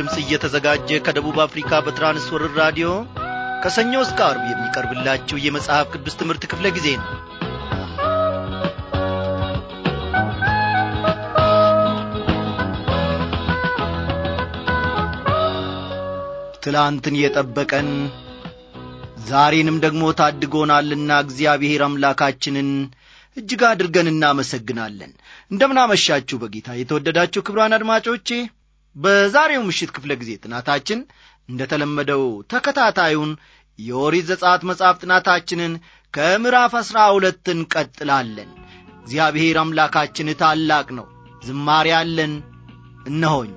ድምፅ እየተዘጋጀ ከደቡብ አፍሪካ በትራንስወርር ራዲዮ ከሰኞ እስከ አርብ የሚቀርብላችሁ የመጽሐፍ ቅዱስ ትምህርት ክፍለ ጊዜ ነው ትላንትን የጠበቀን ዛሬንም ደግሞ ታድጎናልና እግዚአብሔር አምላካችንን እጅግ አድርገን እናመሰግናለን እንደምናመሻችሁ በጌታ የተወደዳችሁ ክብራን አድማጮቼ በዛሬው ምሽት ክፍለ ጊዜ ጥናታችን እንደ ተለመደው ተከታታዩን የኦሪት ዘጻት መጽሐፍ ጥናታችንን ከምዕራፍ አሥራ ሁለት እንቀጥላለን። እግዚአብሔር አምላካችን ታላቅ ነው፣ ዝማሬ አለን እነሆኝ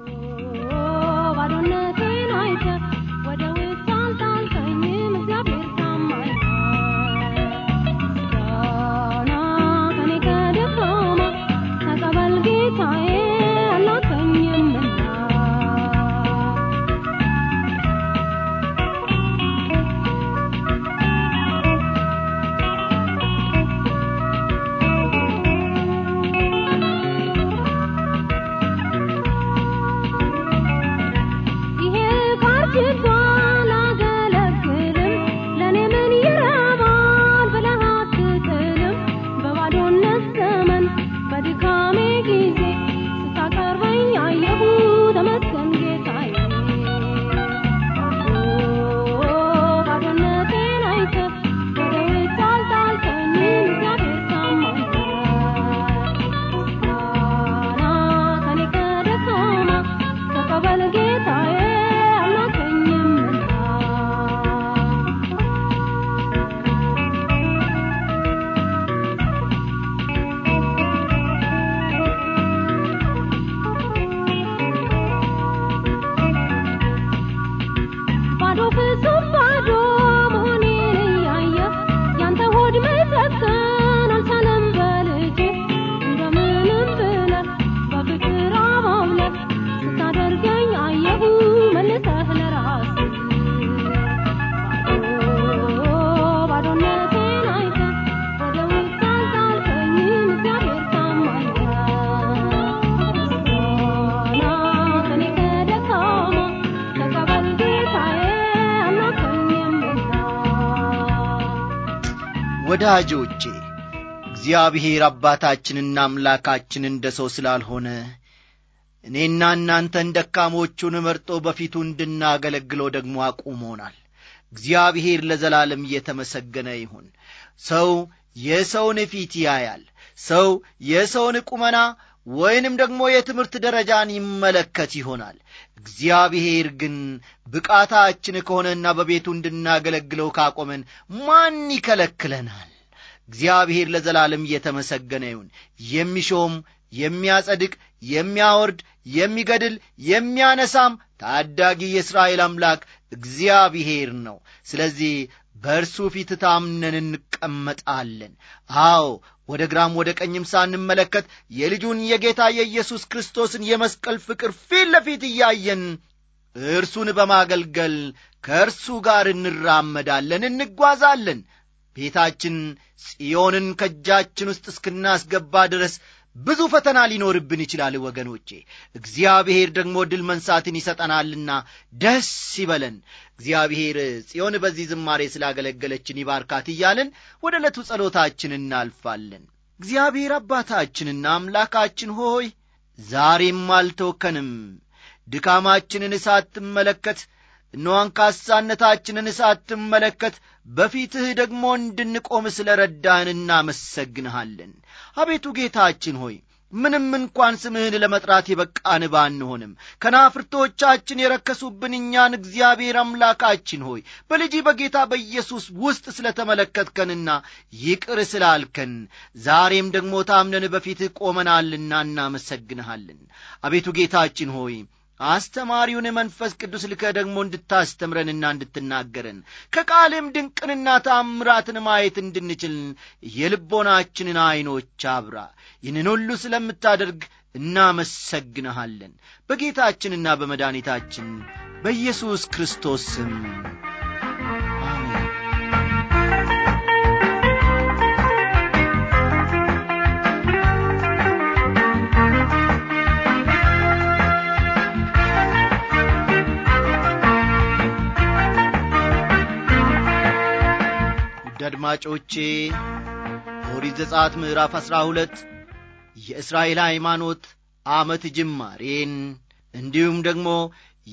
ወዳጆቼ እግዚአብሔር አባታችንና አምላካችን እንደ ሰው ስላልሆነ እኔና እናንተን ደካሞቹን መርጦ በፊቱ እንድናገለግለው ደግሞ አቁሞናል እግዚአብሔር ለዘላለም እየተመሰገነ ይሁን ሰው የሰውን ፊት ያያል ሰው የሰውን ቁመና ወይንም ደግሞ የትምህርት ደረጃን ይመለከት ይሆናል። እግዚአብሔር ግን ብቃታችን ከሆነና በቤቱ እንድናገለግለው ካቆመን ማን ይከለክለናል? እግዚአብሔር ለዘላለም እየተመሰገነ ይሁን። የሚሾም የሚያጸድቅ፣ የሚያወርድ፣ የሚገድል፣ የሚያነሳም ታዳጊ የእስራኤል አምላክ እግዚአብሔር ነው። ስለዚህ በእርሱ ፊት ታምነን እንቀመጣለን። አዎ ወደ ግራም ወደ ቀኝም ሳንመለከት የልጁን የጌታ የኢየሱስ ክርስቶስን የመስቀል ፍቅር ፊት ለፊት እያየን እርሱን በማገልገል ከእርሱ ጋር እንራመዳለን፣ እንጓዛለን። ቤታችን ጽዮንን ከእጃችን ውስጥ እስክናስገባ ድረስ ብዙ ፈተና ሊኖርብን ይችላል ወገኖቼ እግዚአብሔር ደግሞ ድል መንሳትን ይሰጠናልና ደስ ይበለን እግዚአብሔር ጽዮን በዚህ ዝማሬ ስላገለገለችን ይባርካት እያልን ወደ ዕለቱ ጸሎታችን እናልፋለን እግዚአብሔር አባታችንና አምላካችን ሆይ ዛሬም አልተወከንም ድካማችንን ትመለከት እኖ አንካሳነታችንን ሳትመለከት በፊትህ ደግሞ እንድንቆም ስለ ረዳን እናመሰግንሃለን። አቤቱ ጌታችን ሆይ ምንም እንኳን ስምህን ለመጥራት የበቃን ባንሆንም ከናፍርቶቻችን የረከሱብን እኛን እግዚአብሔር አምላካችን ሆይ በልጅ በጌታ በኢየሱስ ውስጥ ስለ ተመለከትከንና ይቅር ስላልከን ዛሬም ደግሞ ታምነን በፊትህ ቆመናልና እናመሰግንሃለን። አቤቱ ጌታችን ሆይ አስተማሪውን መንፈስ ቅዱስ ልከ ደግሞ እንድታስተምረንና እንድትናገረን ከቃልም ድንቅንና ታምራትን ማየት እንድንችል የልቦናችንን ዐይኖች አብራ። ይህንን ሁሉ ስለምታደርግ እናመሰግንሃለን። በጌታችንና በመድኒታችን በኢየሱስ ክርስቶስ ስም አድማጮቼ ኦሪት ዘጸአት ምዕራፍ ዐሥራ ሁለት የእስራኤል ሃይማኖት ዓመት ጅማሬን እንዲሁም ደግሞ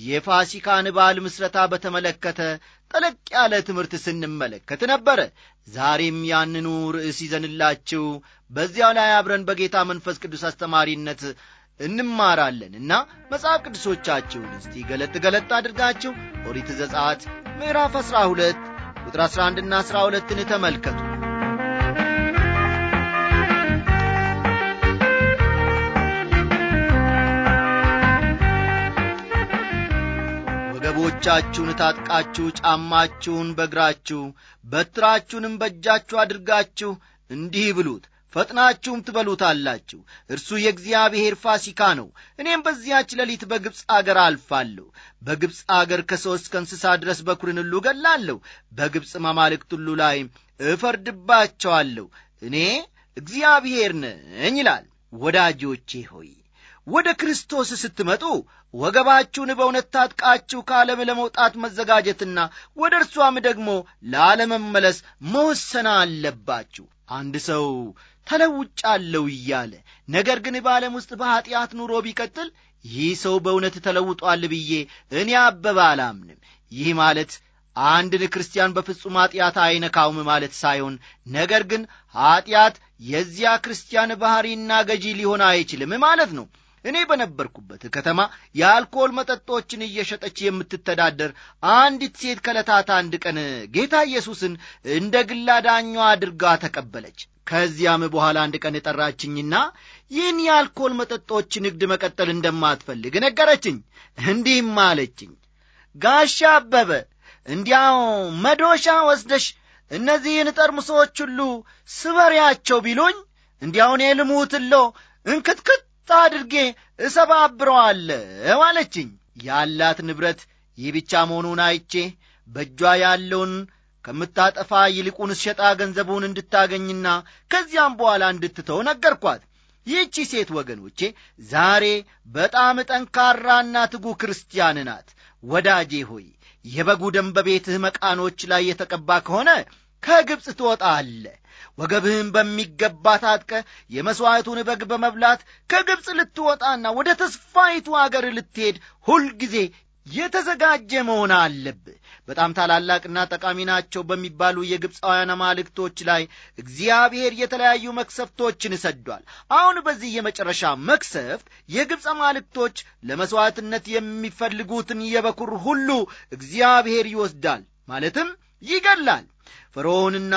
የፋሲካን በዓል ምስረታ በተመለከተ ጠለቅ ያለ ትምህርት ስንመለከት ነበረ። ዛሬም ያንኑ ርዕስ ይዘንላችሁ በዚያው ላይ አብረን በጌታ መንፈስ ቅዱስ አስተማሪነት እንማራለንና መጽሐፍ ቅዱሶቻችሁን እስቲ ገለጥ ገለጥ አድርጋችሁ ኦሪት ዘጸአት ምዕራፍ ዐሥራ ሁለት ቁጥር 11 እና 12ን ተመልከቱ ወገቦቻችሁን ታጥቃችሁ ጫማችሁን በእግራችሁ በትራችሁንም በእጃችሁ አድርጋችሁ እንዲህ ብሉት ፈጥናችሁም ትበሉታላችሁ። እርሱ የእግዚአብሔር ፋሲካ ነው። እኔም በዚያች ሌሊት በግብፅ አገር አልፋለሁ። በግብፅ አገር ከሰው ከእንስሳ ድረስ በኵርን ሁሉ ገላለሁ በግብፅ አማልክት ሁሉ እፈርድባቸዋለሁ። እኔ እግዚአብሔር ነኝ ይላል። ወዳጆቼ ሆይ ወደ ክርስቶስ ስትመጡ ወገባችሁን በእውነት ታጥቃችሁ ከዓለም ለመውጣት መዘጋጀትና ወደ እርሷም ደግሞ ላለመመለስ መወሰን አለባችሁ። አንድ ሰው ተለውጫለሁ እያለ ነገር ግን በዓለም ውስጥ በኀጢአት ኑሮ ቢቀጥል ይህ ሰው በእውነት ተለውጧል ብዬ እኔ አበበ አላምንም። ይህ ማለት አንድን ክርስቲያን በፍጹም ኀጢአት አይነካውም ማለት ሳይሆን፣ ነገር ግን ኀጢአት የዚያ ክርስቲያን ባሕሪና ገዢ ሊሆን አይችልም ማለት ነው። እኔ በነበርኩበት ከተማ የአልኮል መጠጦችን እየሸጠች የምትተዳደር አንዲት ሴት ከለታት አንድ ቀን ጌታ ኢየሱስን እንደ ግላ ዳኛ አድርጋ ተቀበለች። ከዚያም በኋላ አንድ ቀን ጠራችኝና ይህን የአልኮል መጠጦች ንግድ መቀጠል እንደማትፈልግ ነገረችኝ። እንዲህም አለችኝ፣ ጋሻ አበበ እንዲያው መዶሻ ወስደሽ እነዚህን ጠርሙሶች ሁሉ ስበሪያቸው ቢሉኝ እንዲያውን የልሙትሎ እንክትክት አድርጌ እሰባብረዋለሁ አለችኝ። ያላት ንብረት ይህ ብቻ መሆኑን አይቼ በእጇ ያለውን ከምታጠፋ ይልቁን ሸጣ ገንዘቡን እንድታገኝና ከዚያም በኋላ እንድትተው ነገርኳት። ይህቺ ሴት ወገኖቼ ዛሬ በጣም ጠንካራና ትጉ ክርስቲያን ናት። ወዳጄ ሆይ የበጉ ደም በቤትህ መቃኖች ላይ የተቀባ ከሆነ ከግብፅ አለ ወገብህን በሚገባ ታጥቀ የመሥዋዕቱን በግ በመብላት ከግብፅ ልትወጣና ወደ ተስፋይቱ አገር ልትሄድ ሁልጊዜ የተዘጋጀ መሆን አለብህ። በጣም ታላላቅና ጠቃሚ ናቸው በሚባሉ የግብፃውያን አማልክቶች ላይ እግዚአብሔር የተለያዩ መክሰፍቶችን እሰዷል አሁን በዚህ የመጨረሻ መክሰፍት የግብፅ አማልክቶች ለመሥዋዕትነት የሚፈልጉትን የበኩር ሁሉ እግዚአብሔር ይወስዳል፣ ማለትም ይገላል። ፈርዖንና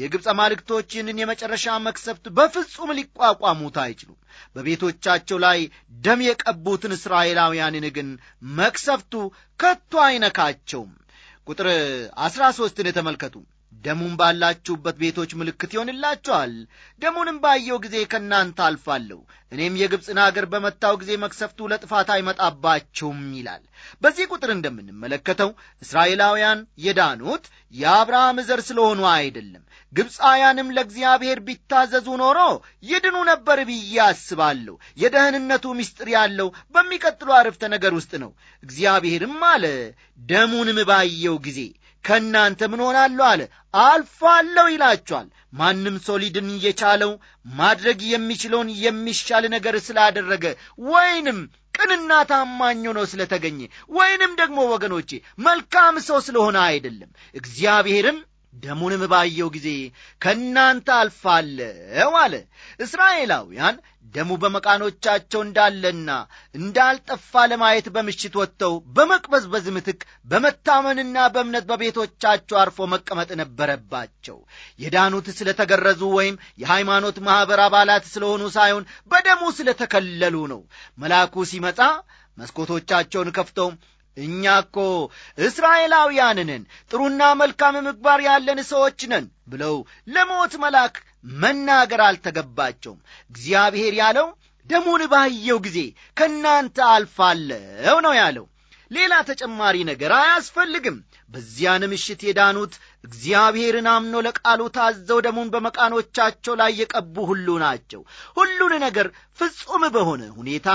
የግብፅ አማልክቶች ይህንን የመጨረሻ መክሰፍት በፍጹም ሊቋቋሙት አይችሉም። በቤቶቻቸው ላይ ደም የቀቡትን እስራኤላውያንን ግን መክሰፍቱ ከቶ አይነካቸውም። ቁጥር 13ን የተመልከቱ ደሙን ባላችሁበት ቤቶች ምልክት ይሆንላችኋል። ደሙንም ባየው ጊዜ ከእናንተ አልፋለሁ፣ እኔም የግብፅን አገር በመታው ጊዜ መክሰፍቱ ለጥፋት አይመጣባችሁም ይላል። በዚህ ቁጥር እንደምንመለከተው እስራኤላውያን የዳኑት የአብርሃም ዘር ስለሆኑ አይደለም። ግብፃውያንም ለእግዚአብሔር ቢታዘዙ ኖሮ ይድኑ ነበር ብዬ አስባለሁ። የደህንነቱ ምስጢር ያለው በሚቀጥሉ አረፍተ ነገር ውስጥ ነው። እግዚአብሔርም አለ ደሙንም ባየው ጊዜ ከእናንተ ምን ሆናለሁ አለ አልፋለሁ ይላችኋል። ማንም ሰው ሊድን የቻለው ማድረግ የሚችለውን የሚሻል ነገር ስላደረገ ወይንም ቅንና ታማኝ ነው ስለተገኘ ወይንም ደግሞ ወገኖቼ መልካም ሰው ስለሆነ አይደለም። እግዚአብሔርም ደሙንም ባየው ጊዜ ከእናንተ አልፋለው አለ። እስራኤላውያን ደሙ በመቃኖቻቸው እንዳለና እንዳልጠፋ ለማየት በምሽት ወጥተው በመቅበዝበዝ ምትክ በመታመንና በእምነት በቤቶቻቸው አርፎ መቀመጥ ነበረባቸው። የዳኑት ስለተገረዙ ወይም የሃይማኖት ማኅበር አባላት ስለሆኑ ሳይሆን በደሙ ስለተከለሉ ነው። መልአኩ ሲመጣ መስኮቶቻቸውን ከፍተው እኛ እኮ እስራኤላውያንንን ጥሩና መልካም ምግባር ያለን ሰዎች ነን ብለው ለሞት መልአክ መናገር አልተገባቸውም። እግዚአብሔር ያለው ደሙን ባየው ጊዜ ከእናንተ አልፋለው ነው ያለው። ሌላ ተጨማሪ ነገር አያስፈልግም። በዚያን ምሽት የዳኑት እግዚአብሔርን አምኖ ለቃሉ ታዘው ደሙን በመቃኖቻቸው ላይ የቀቡ ሁሉ ናቸው። ሁሉን ነገር ፍጹም በሆነ ሁኔታ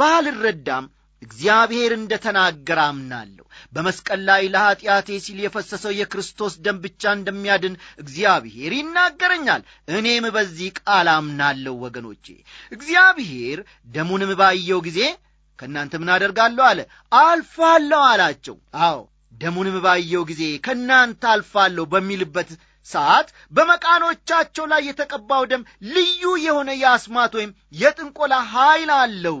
ባልረዳም እግዚአብሔር እንደ ተናገረ አምናለሁ። በመስቀል ላይ ለኀጢአቴ ሲል የፈሰሰው የክርስቶስ ደም ብቻ እንደሚያድን እግዚአብሔር ይናገረኛል። እኔም በዚህ ቃል አምናለሁ። ወገኖቼ እግዚአብሔር ደሙንም ባየው ጊዜ ከእናንተ ምን አደርጋለሁ አለ፣ አልፋለሁ አላቸው። አዎ ደሙንም ባየው ጊዜ ከእናንተ አልፋለሁ በሚልበት ሰዓት በመቃኖቻቸው ላይ የተቀባው ደም ልዩ የሆነ የአስማት ወይም የጥንቆላ ኃይል አለው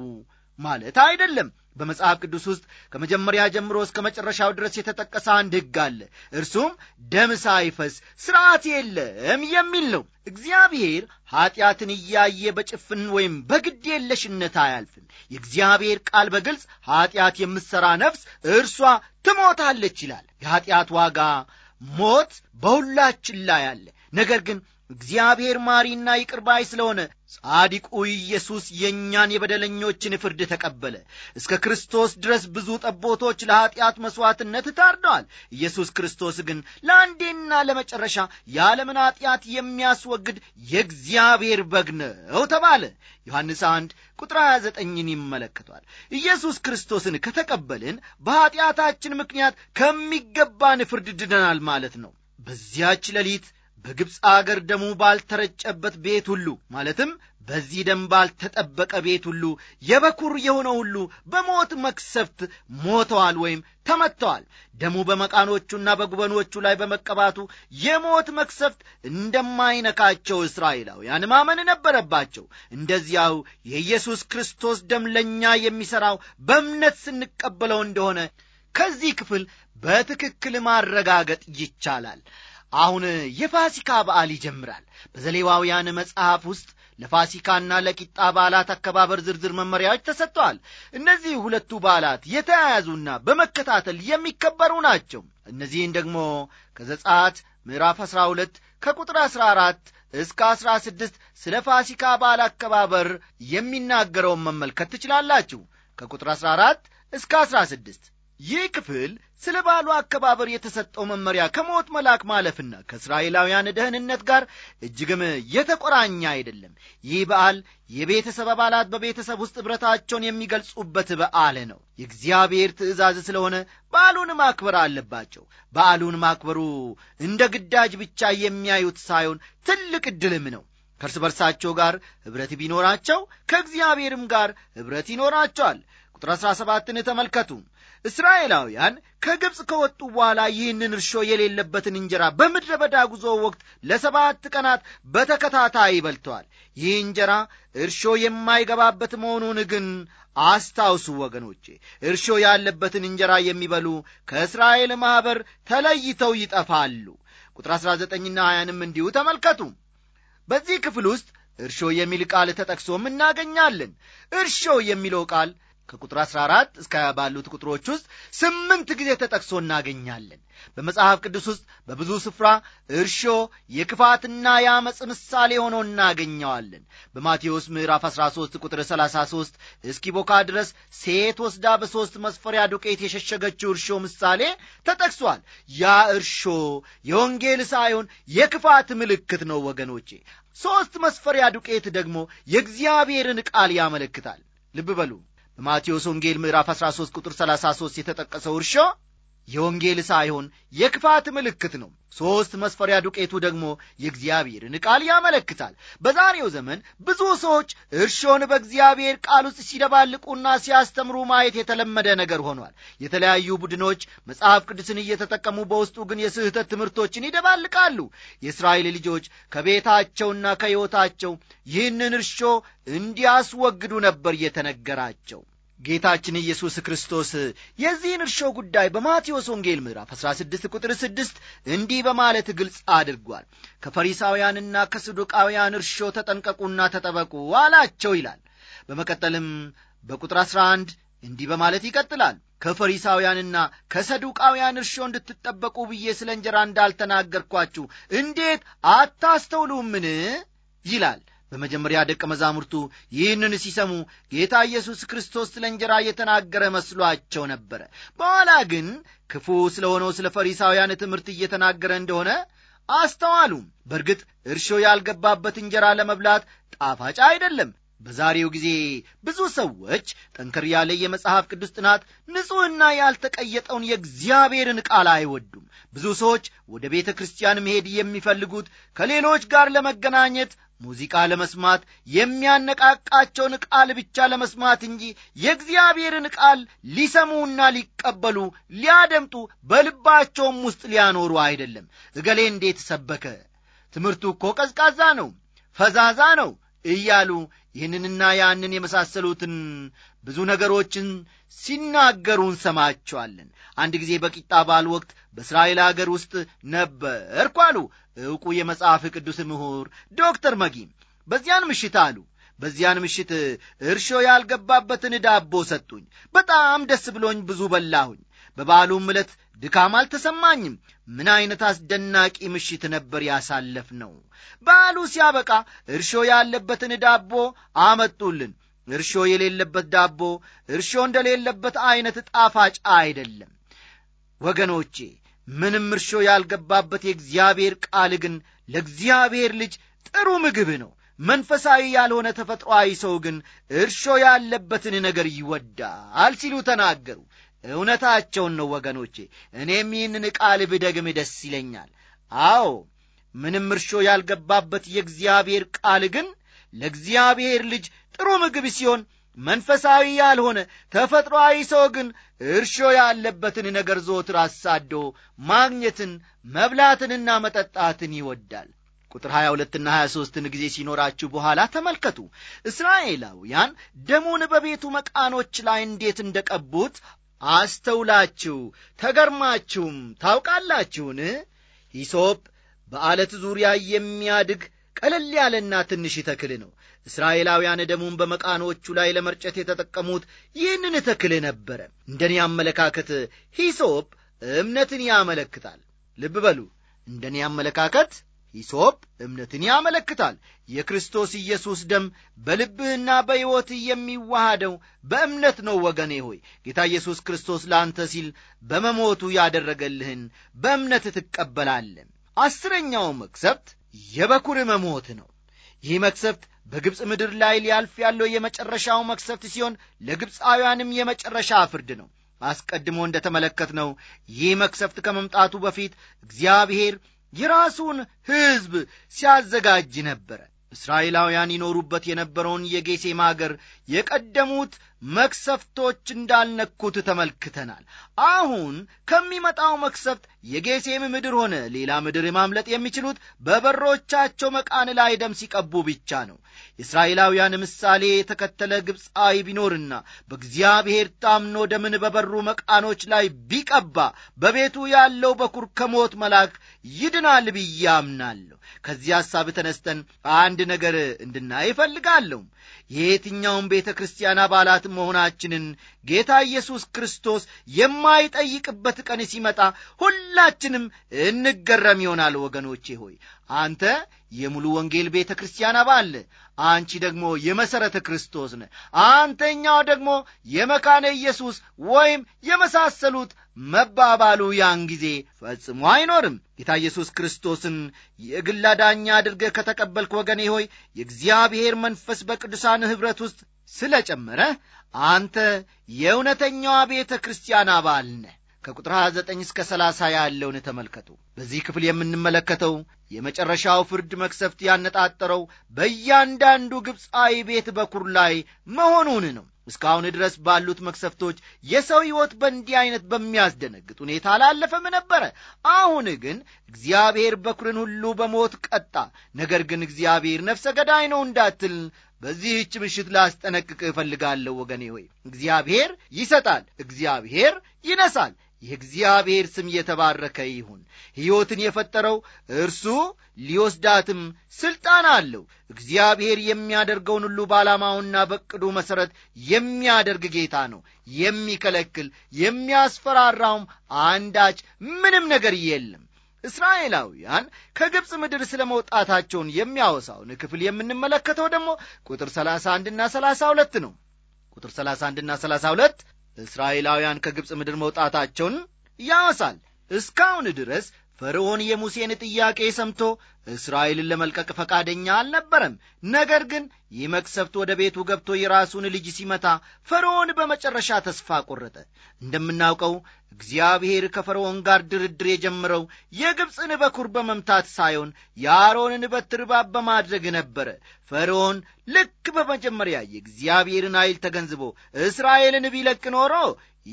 ማለት አይደለም። በመጽሐፍ ቅዱስ ውስጥ ከመጀመሪያ ጀምሮ እስከ መጨረሻው ድረስ የተጠቀሰ አንድ ሕግ አለ። እርሱም ደም ሳይፈስ ስርዓት የለም የሚል ነው። እግዚአብሔር ኀጢአትን እያየ በጭፍን ወይም በግድ የለሽነት አያልፍም። የእግዚአብሔር ቃል በግልጽ ኀጢአት የምትሠራ ነፍስ እርሷ ትሞታለች ይላል። የኀጢአት ዋጋ ሞት በሁላችን ላይ አለ። ነገር ግን እግዚአብሔር ማሪና ይቅርባይ ስለሆነ ጻዲቁ ኢየሱስ የእኛን የበደለኞችን ፍርድ ተቀበለ። እስከ ክርስቶስ ድረስ ብዙ ጠቦቶች ለኀጢአት መሥዋዕትነት ታርደዋል። ኢየሱስ ክርስቶስ ግን ለአንዴና ለመጨረሻ የዓለምን ኀጢአት የሚያስወግድ የእግዚአብሔር በግ ነው ተባለ። ዮሐንስ 1 ቁጥር 29ን ይመለከቷል። ኢየሱስ ክርስቶስን ከተቀበልን በኀጢአታችን ምክንያት ከሚገባን ፍርድ ድነናል ማለት ነው። በዚያች ሌሊት በግብፅ አገር ደሙ ባልተረጨበት ቤት ሁሉ ማለትም በዚህ ደም ባልተጠበቀ ቤት ሁሉ የበኩር የሆነ ሁሉ በሞት መክሰፍት ሞተዋል ወይም ተመጥተዋል። ደሙ በመቃኖቹና በጉበኖቹ ላይ በመቀባቱ የሞት መክሰፍት እንደማይነካቸው እስራኤላውያን ማመን ነበረባቸው። እንደዚያው የኢየሱስ ክርስቶስ ደም ለእኛ የሚሠራው በእምነት ስንቀበለው እንደሆነ ከዚህ ክፍል በትክክል ማረጋገጥ ይቻላል። አሁን የፋሲካ በዓል ይጀምራል። በዘሌዋውያን መጽሐፍ ውስጥ ለፋሲካና ለቂጣ በዓላት አከባበር ዝርዝር መመሪያዎች ተሰጥተዋል። እነዚህ ሁለቱ በዓላት የተያያዙና በመከታተል የሚከበሩ ናቸው። እነዚህን ደግሞ ከዘጸአት ምዕራፍ 12 ከቁጥር 14 እስከ 16 ስለ ፋሲካ በዓል አከባበር የሚናገረውን መመልከት ትችላላችሁ። ከቁጥር 14 እስከ 16 ይህ ክፍል ስለ በዓሉ አከባበር የተሰጠው መመሪያ ከሞት መልአክ ማለፍና ከእስራኤላውያን ደህንነት ጋር እጅግም የተቆራኘ አይደለም። ይህ በዓል የቤተሰብ አባላት በቤተሰብ ውስጥ ኅብረታቸውን የሚገልጹበት በዓል ነው። የእግዚአብሔር ትእዛዝ ስለሆነ በዓሉን ማክበር አለባቸው። በዓሉን ማክበሩ እንደ ግዳጅ ብቻ የሚያዩት ሳይሆን ትልቅ ድልም ነው። ከእርስ በርሳቸው ጋር ኅብረት ቢኖራቸው ከእግዚአብሔርም ጋር ኅብረት ይኖራቸዋል። ቁጥር 17ን ተመልከቱ እስራኤላውያን ከግብፅ ከወጡ በኋላ ይህንን እርሾ የሌለበትን እንጀራ በምድረ በዳ ጉዞ ወቅት ለሰባት ቀናት በተከታታይ በልተዋል። ይህ እንጀራ እርሾ የማይገባበት መሆኑን ግን አስታውሱ ወገኖቼ። እርሾ ያለበትን እንጀራ የሚበሉ ከእስራኤል ማኅበር ተለይተው ይጠፋሉ። ቁጥር 19ና 20ንም እንዲሁ ተመልከቱ። በዚህ ክፍል ውስጥ እርሾ የሚል ቃል ተጠቅሶም እናገኛለን። እርሾ የሚለው ቃል ከቁጥር 14 እስከ ባሉት ቁጥሮች ውስጥ ስምንት ጊዜ ተጠቅሶ እናገኛለን። በመጽሐፍ ቅዱስ ውስጥ በብዙ ስፍራ እርሾ የክፋትና የአመፅ ምሳሌ ሆኖ እናገኘዋለን። በማቴዎስ ምዕራፍ 13 ቁጥር 33 እስኪቦካ ድረስ ሴት ወስዳ በሦስት መስፈሪያ ዱቄት የሸሸገችው እርሾ ምሳሌ ተጠቅሷል። ያ እርሾ የወንጌል ሳይሆን የክፋት ምልክት ነው ወገኖቼ። ሦስት መስፈሪያ ዱቄት ደግሞ የእግዚአብሔርን ቃል ያመለክታል። ልብ በሉ በማቴዎስ ወንጌል ምዕራፍ 13 ቁጥር 33 የተጠቀሰው እርሾ የወንጌል ሳይሆን የክፋት ምልክት ነው። ሦስት መስፈሪያ ዱቄቱ ደግሞ የእግዚአብሔርን ቃል ያመለክታል። በዛሬው ዘመን ብዙ ሰዎች እርሾን በእግዚአብሔር ቃል ውስጥ ሲደባልቁና ሲያስተምሩ ማየት የተለመደ ነገር ሆኗል። የተለያዩ ቡድኖች መጽሐፍ ቅዱስን እየተጠቀሙ በውስጡ ግን የስህተት ትምህርቶችን ይደባልቃሉ። የእስራኤል ልጆች ከቤታቸውና ከሕይወታቸው ይህንን እርሾ እንዲያስወግዱ ነበር የተነገራቸው። ጌታችን ኢየሱስ ክርስቶስ የዚህን እርሾ ጉዳይ በማቴዎስ ወንጌል ምዕራፍ 16 ቁጥር 6 እንዲህ በማለት ግልጽ አድርጓል። ከፈሪሳውያንና ከስዱቃውያን እርሾ ተጠንቀቁና ተጠበቁ አላቸው ይላል። በመቀጠልም በቁጥር 11 እንዲህ በማለት ይቀጥላል። ከፈሪሳውያንና ከሰዱቃውያን እርሾ እንድትጠበቁ ብዬ ስለ እንጀራ እንዳልተናገርኳችሁ እንዴት አታስተውሉምን? ይላል በመጀመሪያ ደቀ መዛሙርቱ ይህንን ሲሰሙ ጌታ ኢየሱስ ክርስቶስ ስለ እንጀራ እየተናገረ መስሏቸው ነበረ። በኋላ ግን ክፉ ስለ ሆነው ስለ ፈሪሳውያን ትምህርት እየተናገረ እንደሆነ አስተዋሉ። በእርግጥ እርሾ ያልገባበት እንጀራ ለመብላት ጣፋጭ አይደለም። በዛሬው ጊዜ ብዙ ሰዎች ጠንከር ያለ የመጽሐፍ ቅዱስ ጥናት ንጹሕና ያልተቀየጠውን የእግዚአብሔርን ቃል አይወዱም። ብዙ ሰዎች ወደ ቤተ ክርስቲያን መሄድ የሚፈልጉት ከሌሎች ጋር ለመገናኘት ሙዚቃ ለመስማት የሚያነቃቃቸውን ቃል ብቻ ለመስማት እንጂ የእግዚአብሔርን ቃል ሊሰሙና ሊቀበሉ ሊያደምጡ በልባቸውም ውስጥ ሊያኖሩ አይደለም። እገሌ እንዴት ሰበከ፣ ትምህርቱ እኮ ቀዝቃዛ ነው፣ ፈዛዛ ነው እያሉ ይህንንና ያንን የመሳሰሉትን ብዙ ነገሮችን ሲናገሩ እንሰማቸዋለን። አንድ ጊዜ በቂጣ በዓል ወቅት በእስራኤል አገር ውስጥ ነበርኩ አሉ ዕውቁ የመጽሐፍ ቅዱስ ምሁር ዶክተር መጊም በዚያን ምሽት አሉ በዚያን ምሽት እርሾ ያልገባበትን ዳቦ ሰጡኝ በጣም ደስ ብሎኝ ብዙ በላሁኝ በበዓሉም ዕለት ድካም አልተሰማኝም ምን ዐይነት አስደናቂ ምሽት ነበር ያሳለፍ ነው በዓሉ ሲያበቃ እርሾ ያለበትን ዳቦ አመጡልን እርሾ የሌለበት ዳቦ እርሾ እንደሌለበት ዐይነት ጣፋጭ አይደለም ወገኖቼ ምንም እርሾ ያልገባበት የእግዚአብሔር ቃል ግን ለእግዚአብሔር ልጅ ጥሩ ምግብ ነው። መንፈሳዊ ያልሆነ ተፈጥሮአዊ ሰው ግን እርሾ ያለበትን ነገር ይወዳል ሲሉ ተናገሩ። እውነታቸውን ነው ወገኖቼ። እኔም ይህንን ቃል ብደግም ደስ ይለኛል። አዎ ምንም እርሾ ያልገባበት የእግዚአብሔር ቃል ግን ለእግዚአብሔር ልጅ ጥሩ ምግብ ሲሆን መንፈሳዊ ያልሆነ ተፈጥሮአዊ ሰው ግን እርሾ ያለበትን ነገር ዞትር አሳዶ ማግኘትን መብላትንና መጠጣትን ይወዳል። ቁጥር 22ና 23ን ጊዜ ሲኖራችሁ በኋላ ተመልከቱ። እስራኤላውያን ደሙን በቤቱ መቃኖች ላይ እንዴት እንደቀቡት አስተውላችሁ ተገርማችሁም ታውቃላችሁን? ሂሶፕ በዓለት ዙሪያ የሚያድግ ቀለል ያለና ትንሽ ተክል ነው። እስራኤላውያን ደሙን በመቃኖቹ ላይ ለመርጨት የተጠቀሙት ይህንን ተክል ነበረ። እንደኔ አመለካከት ሂሶፕ እምነትን ያመለክታል። ልብ በሉ፣ እንደኔ አመለካከት ሂሶፕ እምነትን ያመለክታል። የክርስቶስ ኢየሱስ ደም በልብህና በሕይወት የሚዋሃደው በእምነት ነው። ወገኔ ሆይ ጌታ ኢየሱስ ክርስቶስ ለአንተ ሲል በመሞቱ ያደረገልህን በእምነት ትቀበላለን። አስረኛው መቅሰፍት የበኩር መሞት ነው። ይህ መክሰፍት በግብፅ ምድር ላይ ሊያልፍ ያለው የመጨረሻው መክሰፍት ሲሆን ለግብፃውያንም የመጨረሻ ፍርድ ነው አስቀድሞ እንደ ነው ይህ መክሰፍት ከመምጣቱ በፊት እግዚአብሔር የራሱን ሕዝብ ሲያዘጋጅ ነበረ እስራኤላውያን ይኖሩበት የነበረውን የጌሴም አገር የቀደሙት መክሰፍቶች እንዳልነኩት ተመልክተናል። አሁን ከሚመጣው መክሰፍት የጌሴም ምድር ሆነ ሌላ ምድር ማምለጥ የሚችሉት በበሮቻቸው መቃን ላይ ደም ሲቀቡ ብቻ ነው። የእስራኤላውያን ምሳሌ የተከተለ ግብፃዊ ቢኖርና በእግዚአብሔር ታምኖ ደምን በበሩ መቃኖች ላይ ቢቀባ በቤቱ ያለው በኩር ከሞት መልአክ ይድናል ብያምናለሁ ከዚህ ሐሳብ ተነስተን አንድ ነገር እንድናይ ይፈልጋለሁ የየትኛውም ቤተ ክርስቲያን አባላት መሆናችንን ጌታ ኢየሱስ ክርስቶስ የማይጠይቅበት ቀን ሲመጣ ሁላችንም እንገረም ይሆናል። ወገኖቼ ሆይ አንተ የሙሉ ወንጌል ቤተ ክርስቲያን አባል፣ አንቺ ደግሞ የመሠረተ ክርስቶስ ነ አንተኛው ደግሞ የመካነ ኢየሱስ ወይም የመሳሰሉት መባባሉ ያን ጊዜ ፈጽሞ አይኖርም። ጌታ ኢየሱስ ክርስቶስን የግል አዳኝ አድርገህ ከተቀበልክ ወገኔ ሆይ የእግዚአብሔር መንፈስ በቅዱሳን ኅብረት ውስጥ ስለ ጨመረ አንተ የእውነተኛዋ ቤተ ክርስቲያን አባል ነ ከቁጥር 29 እስከ 30 ያለውን ተመልከቱ። በዚህ ክፍል የምንመለከተው የመጨረሻው ፍርድ መክሰፍት ያነጣጠረው በእያንዳንዱ ግብፃዊ ቤት በኩር ላይ መሆኑን ነው። እስካሁን ድረስ ባሉት መክሰፍቶች የሰው ሕይወት በእንዲህ ዐይነት በሚያስደነግጥ ሁኔታ አላለፈም ነበረ። አሁን ግን እግዚአብሔር በኩርን ሁሉ በሞት ቀጣ። ነገር ግን እግዚአብሔር ነፍሰ ገዳይ ነው እንዳትል በዚህች ምሽት ላስጠነቅቅህ እፈልጋለሁ ወገኔ ሆይ እግዚአብሔር ይሰጣል፣ እግዚአብሔር ይነሳል። የእግዚአብሔር ስም የተባረከ ይሁን። ሕይወትን የፈጠረው እርሱ ሊወስዳትም ሥልጣን አለው። እግዚአብሔር የሚያደርገውን ሁሉ በዓላማውና በቅዱ መሠረት የሚያደርግ ጌታ ነው። የሚከለክል የሚያስፈራራውም አንዳች ምንም ነገር የለም። እስራኤላውያን ከግብፅ ምድር ስለ መውጣታቸውን የሚያወሳውን ክፍል የምንመለከተው ደግሞ ቁጥር 31ና 32 ነው። ቁጥር 31ና 32 እስራኤላውያን ከግብፅ ምድር መውጣታቸውን ያወሳል። እስካሁን ድረስ ፈርዖን የሙሴን ጥያቄ ሰምቶ እስራኤልን ለመልቀቅ ፈቃደኛ አልነበረም። ነገር ግን ይህ መቅሰፍት ወደ ቤቱ ገብቶ የራሱን ልጅ ሲመታ ፈርዖን በመጨረሻ ተስፋ ቆረጠ። እንደምናውቀው እግዚአብሔር ከፈርዖን ጋር ድርድር የጀመረው የግብፅን በኩር በመምታት ሳይሆን የአሮንን በትር እባብ በማድረግ ነበረ። ፈርዖን ልክ በመጀመሪያ የእግዚአብሔርን ኃይል ተገንዝቦ እስራኤልን ቢለቅ ኖሮ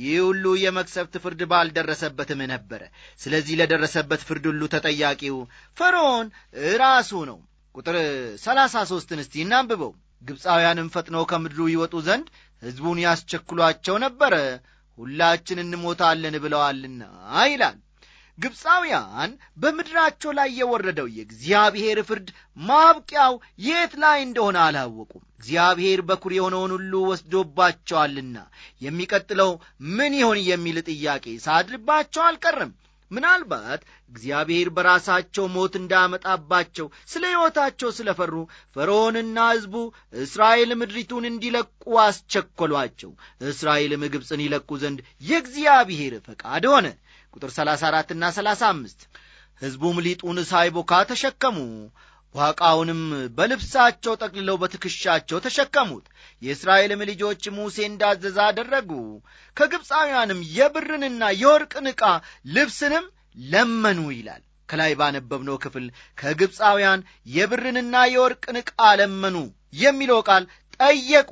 ይህ ሁሉ የመቅሰፍት ፍርድ ባልደረሰበትም ነበረ። ስለዚህ ለደረሰበት ፍርድ ሁሉ ተጠያቂው ፈርዖን ራሱ ነው። ቁጥር ሰላሳ ሦስትን እስቲ እናንብበው። ግብፃውያንም ፈጥነው ከምድሩ ይወጡ ዘንድ ሕዝቡን ያስቸክሏቸው ነበረ፣ ሁላችን እንሞታለን ብለዋልና ይላል። ግብፃውያን በምድራቸው ላይ የወረደው የእግዚአብሔር ፍርድ ማብቂያው የት ላይ እንደሆነ አላወቁም። እግዚአብሔር በኩር የሆነውን ሁሉ ወስዶባቸዋልና የሚቀጥለው ምን ይሆን የሚል ጥያቄ ሳድርባቸው አልቀርም። ምናልባት እግዚአብሔር በራሳቸው ሞት እንዳመጣባቸው ስለ ሕይወታቸው ስለ ፈሩ ፈርዖንና ሕዝቡ እስራኤል ምድሪቱን እንዲለቁ አስቸኰሏቸው። እስራኤልም ግብፅን ይለቁ ዘንድ የእግዚአብሔር ፈቃድ ሆነ። ቁጥር 34ና 35 ሕዝቡም ሊጡን ሳይቦካ ተሸከሙ ዋቃውንም በልብሳቸው ጠቅልለው በትከሻቸው ተሸከሙት። የእስራኤልም ልጆች ሙሴ እንዳዘዛ አደረጉ። ከግብፃውያንም የብርንና የወርቅን ዕቃ ልብስንም ለመኑ ይላል። ከላይ ባነበብነው ክፍል ከግብፃውያን የብርንና የወርቅን ዕቃ ለመኑ የሚለው ቃል ጠየቁ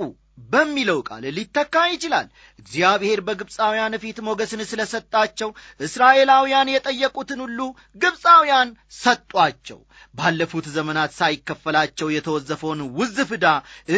በሚለው ቃል ሊተካ ይችላል። እግዚአብሔር በግብፃውያን ፊት ሞገስን ስለ ሰጣቸው እስራኤላውያን የጠየቁትን ሁሉ ግብፃውያን ሰጧቸው። ባለፉት ዘመናት ሳይከፈላቸው የተወዘፈውን ውዝፍ ዕዳ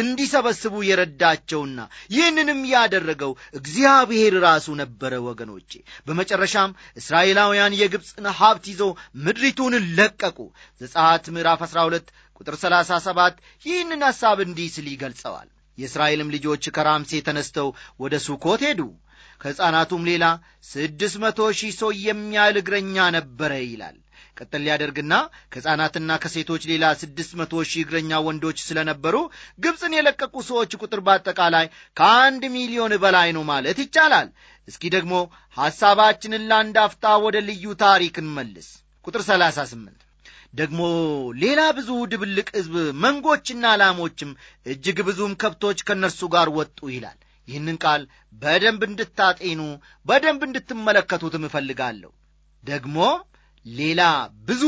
እንዲሰበስቡ የረዳቸውና ይህንንም ያደረገው እግዚአብሔር ራሱ ነበረ። ወገኖቼ፣ በመጨረሻም እስራኤላውያን የግብፅን ሀብት ይዞ ምድሪቱን ለቀቁ። ዘጸአት ምዕራፍ 12 ቁጥር 37 ይህንን ሐሳብ እንዲህ ስል ይገልጸዋል የእስራኤልም ልጆች ከራምሴ ተነስተው ወደ ሱኮት ሄዱ። ከሕፃናቱም ሌላ ስድስት መቶ ሺህ ሰው የሚያህል እግረኛ ነበረ ይላል። ቀጠል ሊያደርግና ከሕፃናትና ከሴቶች ሌላ ስድስት መቶ ሺህ እግረኛ ወንዶች ስለነበሩ ግብፅን የለቀቁ ሰዎች ቁጥር በአጠቃላይ ከአንድ ሚሊዮን በላይ ነው ማለት ይቻላል። እስኪ ደግሞ ሐሳባችንን ለአንድ አፍታ ወደ ልዩ ታሪክ እንመልስ። ቁጥር 38 ደግሞ ሌላ ብዙ ድብልቅ ሕዝብ መንጎችና ላሞችም እጅግ ብዙም ከብቶች ከእነርሱ ጋር ወጡ ይላል። ይህንን ቃል በደንብ እንድታጤኑ በደንብ እንድትመለከቱትም እፈልጋለሁ። ደግሞ ሌላ ብዙ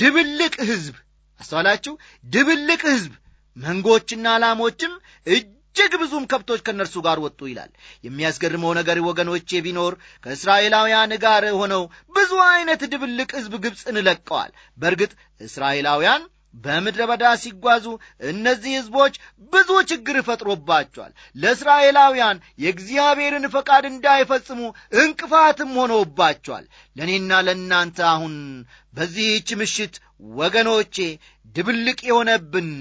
ድብልቅ ሕዝብ አስተዋላችሁ? ድብልቅ ሕዝብ መንጎችና ላሞችም እጅ እጅግ ብዙም ከብቶች ከእነርሱ ጋር ወጡ ይላል። የሚያስገርመው ነገር ወገኖቼ ቢኖር ከእስራኤላውያን ጋር ሆነው ብዙ አይነት ድብልቅ ሕዝብ ግብፅን ለቀዋል። በእርግጥ እስራኤላውያን በምድረ በዳ ሲጓዙ እነዚህ ሕዝቦች ብዙ ችግር ፈጥሮባቸዋል። ለእስራኤላውያን የእግዚአብሔርን ፈቃድ እንዳይፈጽሙ እንቅፋትም ሆኖባቸዋል። ለእኔና ለእናንተ አሁን በዚህች ምሽት ወገኖቼ ድብልቅ የሆነብን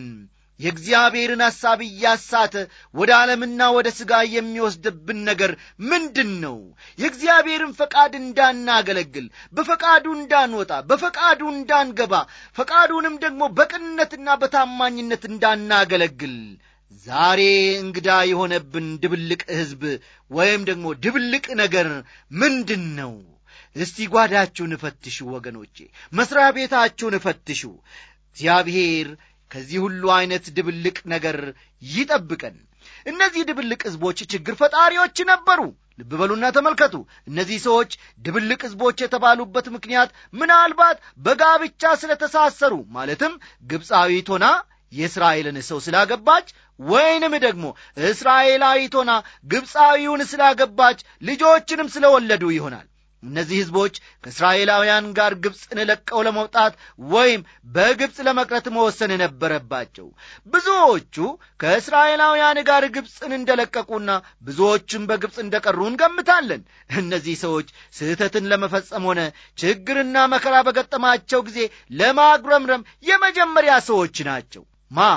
የእግዚአብሔርን ሐሳብ እያሳተ ወደ ዓለምና ወደ ሥጋ የሚወስድብን ነገር ምንድን ነው? የእግዚአብሔርን ፈቃድ እንዳናገለግል፣ በፈቃዱ እንዳንወጣ፣ በፈቃዱ እንዳንገባ፣ ፈቃዱንም ደግሞ በቅንነትና በታማኝነት እንዳናገለግል ዛሬ እንግዳ የሆነብን ድብልቅ ሕዝብ ወይም ደግሞ ድብልቅ ነገር ምንድን ነው? እስቲ ጓዳችሁን እፈትሹ ወገኖቼ፣ መሥሪያ ቤታችሁን እፈትሹ። እግዚአብሔር ከዚህ ሁሉ ዐይነት ድብልቅ ነገር ይጠብቀን። እነዚህ ድብልቅ ሕዝቦች ችግር ፈጣሪዎች ነበሩ። ልብ በሉና ተመልከቱ። እነዚህ ሰዎች ድብልቅ ሕዝቦች የተባሉበት ምክንያት ምናልባት በጋብቻ ስለተሳሰሩ ማለትም ግብፃዊት ሆና የእስራኤልን ሰው ስላገባች ወይንም ደግሞ እስራኤላዊት ሆና ግብፃዊውን ስላገባች ልጆችንም ስለወለዱ ይሆናል። እነዚህ ሕዝቦች ከእስራኤላውያን ጋር ግብፅን ለቀው ለመውጣት ወይም በግብፅ ለመቅረት መወሰን የነበረባቸው። ብዙዎቹ ከእስራኤላውያን ጋር ግብፅን እንደለቀቁና ብዙዎችም በግብፅ እንደቀሩ እንገምታለን። እነዚህ ሰዎች ስህተትን ለመፈጸም ሆነ ችግርና መከራ በገጠማቸው ጊዜ ለማጉረምረም የመጀመሪያ ሰዎች ናቸው። ማ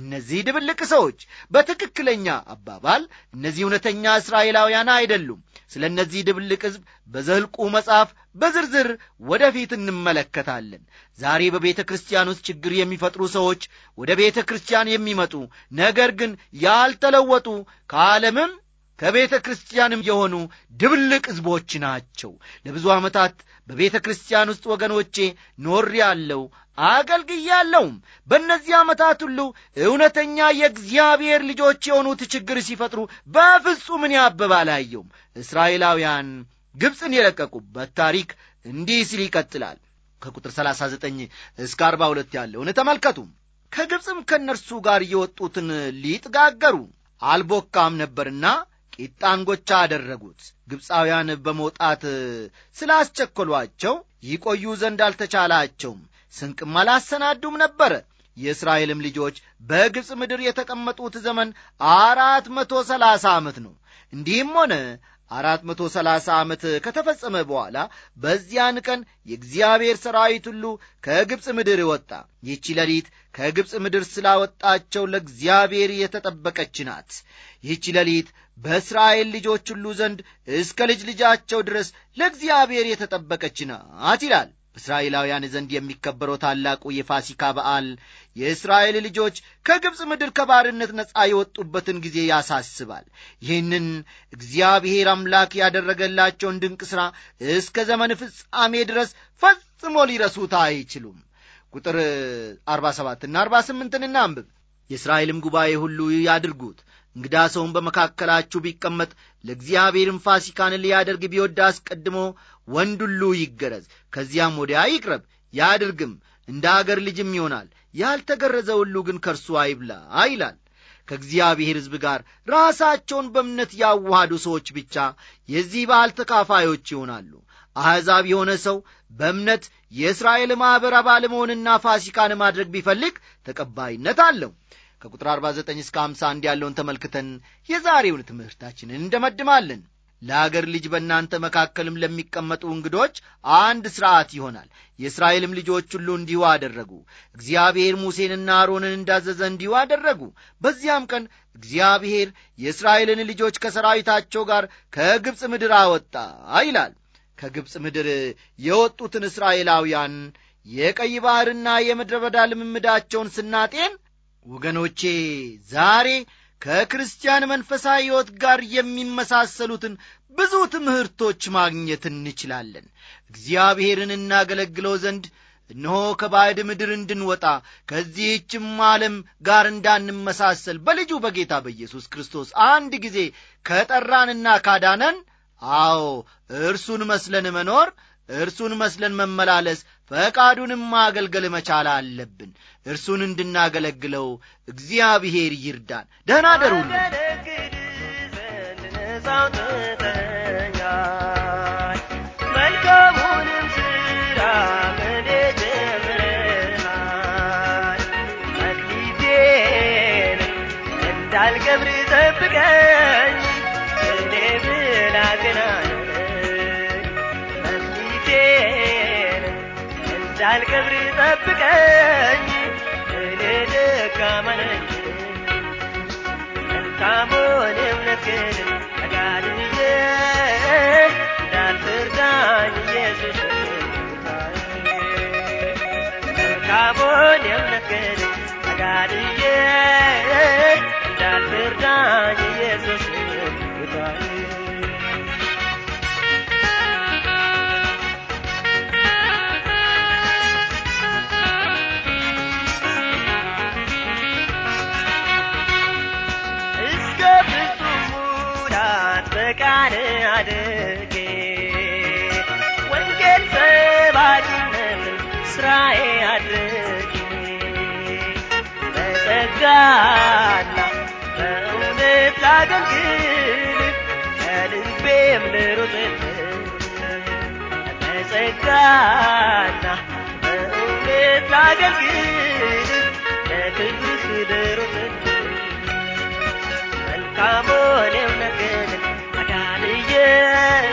እነዚህ ድብልቅ ሰዎች በትክክለኛ አባባል እነዚህ እውነተኛ እስራኤላውያን አይደሉም። ስለ እነዚህ ድብልቅ ሕዝብ በዘልቁ መጽሐፍ በዝርዝር ወደፊት እንመለከታለን። ዛሬ በቤተ ክርስቲያን ውስጥ ችግር የሚፈጥሩ ሰዎች ወደ ቤተ ክርስቲያን የሚመጡ ነገር ግን ያልተለወጡ ከዓለምም ከቤተ ክርስቲያንም የሆኑ ድብልቅ ሕዝቦች ናቸው። ለብዙ ዓመታት በቤተ ክርስቲያን ውስጥ ወገኖቼ ኖር ያለው አገልግያለሁም። በእነዚህ ዓመታት ሁሉ እውነተኛ የእግዚአብሔር ልጆች የሆኑት ችግር ሲፈጥሩ በፍጹም እኔ አበባ እስራኤላውያን ግብፅን የለቀቁበት ታሪክ እንዲህ ሲል ይቀጥላል። ከቁጥር 39 እስከ 42 ያለውን ተመልከቱ። ከግብፅም ከእነርሱ ጋር የወጡትን ሊጥጋገሩ አልቦካም ነበርና ቂጣንጎቻ አደረጉት። ግብፃውያን በመውጣት ስላስቸኰሏቸው ይቆዩ ዘንድ አልተቻላቸውም። ስንቅም አላሰናዱም ነበረ። የእስራኤልም ልጆች በግብፅ ምድር የተቀመጡት ዘመን አራት መቶ ሰላሳ ዓመት ነው። እንዲህም ሆነ አራት መቶ ሰላሳ ዓመት ከተፈጸመ በኋላ በዚያን ቀን የእግዚአብሔር ሰራዊት ሁሉ ከግብፅ ምድር ወጣ። ይቺ ሌሊት ከግብፅ ምድር ስላወጣቸው ለእግዚአብሔር የተጠበቀች ናት። ይቺ ሌሊት በእስራኤል ልጆች ሁሉ ዘንድ እስከ ልጅ ልጃቸው ድረስ ለእግዚአብሔር የተጠበቀች ናት ይላል። በእስራኤላውያን ዘንድ የሚከበረው ታላቁ የፋሲካ በዓል የእስራኤል ልጆች ከግብፅ ምድር ከባርነት ነፃ የወጡበትን ጊዜ ያሳስባል። ይህንን እግዚአብሔር አምላክ ያደረገላቸውን ድንቅ ሥራ እስከ ዘመን ፍጻሜ ድረስ ፈጽሞ ሊረሱት አይችሉም። ቁጥር 47ና 48ን እናንብብ። የእስራኤልም ጉባኤ ሁሉ ያድርጉት እንግዳ ሰውን በመካከላችሁ ቢቀመጥ ለእግዚአብሔርም ፋሲካን ሊያደርግ ቢወድ አስቀድሞ ወንዱሉ ይገረዝ፣ ከዚያም ወዲያ ይቅረብ ያድርግም፣ እንደ አገር ልጅም ይሆናል። ያልተገረዘ ሁሉ ግን ከእርሱ አይብላ ይላል። ከእግዚአብሔር ሕዝብ ጋር ራሳቸውን በእምነት ያዋሃዱ ሰዎች ብቻ የዚህ በዓል ተካፋዮች ይሆናሉ። አሕዛብ የሆነ ሰው በእምነት የእስራኤል ማኅበር አባል መሆንና ፋሲካን ማድረግ ቢፈልግ ተቀባይነት አለው። ከቁጥር 49 እስከ 51 ያለውን ተመልክተን የዛሬውን ትምህርታችንን እንደመድማለን። ለአገር ልጅ በእናንተ መካከልም ለሚቀመጡ እንግዶች አንድ ሥርዓት ይሆናል። የእስራኤልም ልጆች ሁሉ እንዲሁ አደረጉ። እግዚአብሔር ሙሴንና አሮንን እንዳዘዘ እንዲሁ አደረጉ። በዚያም ቀን እግዚአብሔር የእስራኤልን ልጆች ከሰራዊታቸው ጋር ከግብፅ ምድር አወጣ ይላል። ከግብፅ ምድር የወጡትን እስራኤላውያን የቀይ ባሕርና የምድረ በዳ ልምምዳቸውን ስናጤን ወገኖቼ ዛሬ ከክርስቲያን መንፈሳዊ ሕይወት ጋር የሚመሳሰሉትን ብዙ ትምህርቶች ማግኘት እንችላለን። እግዚአብሔርን እናገለግለው ዘንድ እነሆ ከባዕድ ምድር እንድንወጣ ከዚህችም ዓለም ጋር እንዳንመሳሰል በልጁ በጌታ በኢየሱስ ክርስቶስ አንድ ጊዜ ከጠራንና ካዳነን፣ አዎ እርሱን መስለን መኖር፣ እርሱን መስለን መመላለስ ፈቃዱንም ማገልገል መቻል አለብን። እርሱን እንድናገለግለው እግዚአብሔር ይርዳን። ደህና አደሩልን። I'll give ጠብቀኝ እኔ ደካማ ነኝ መልካሙን እምነትን ተጋድዬ እንዳትርዳኝ ኢየሱስ መልካሙን እምነትን ተጋድዬ እንዳትርዳኝ ኪዳን አድርጌ ወንጌል ሰባኪነት ስራዬ አድርጌ በጸጋና በእውነት ላገልግል ከልቤም ልሩጥል በጸጋና በእውነት ላገልግል ለክብርህ ልሩጥል መልካም ሆኔ yeah.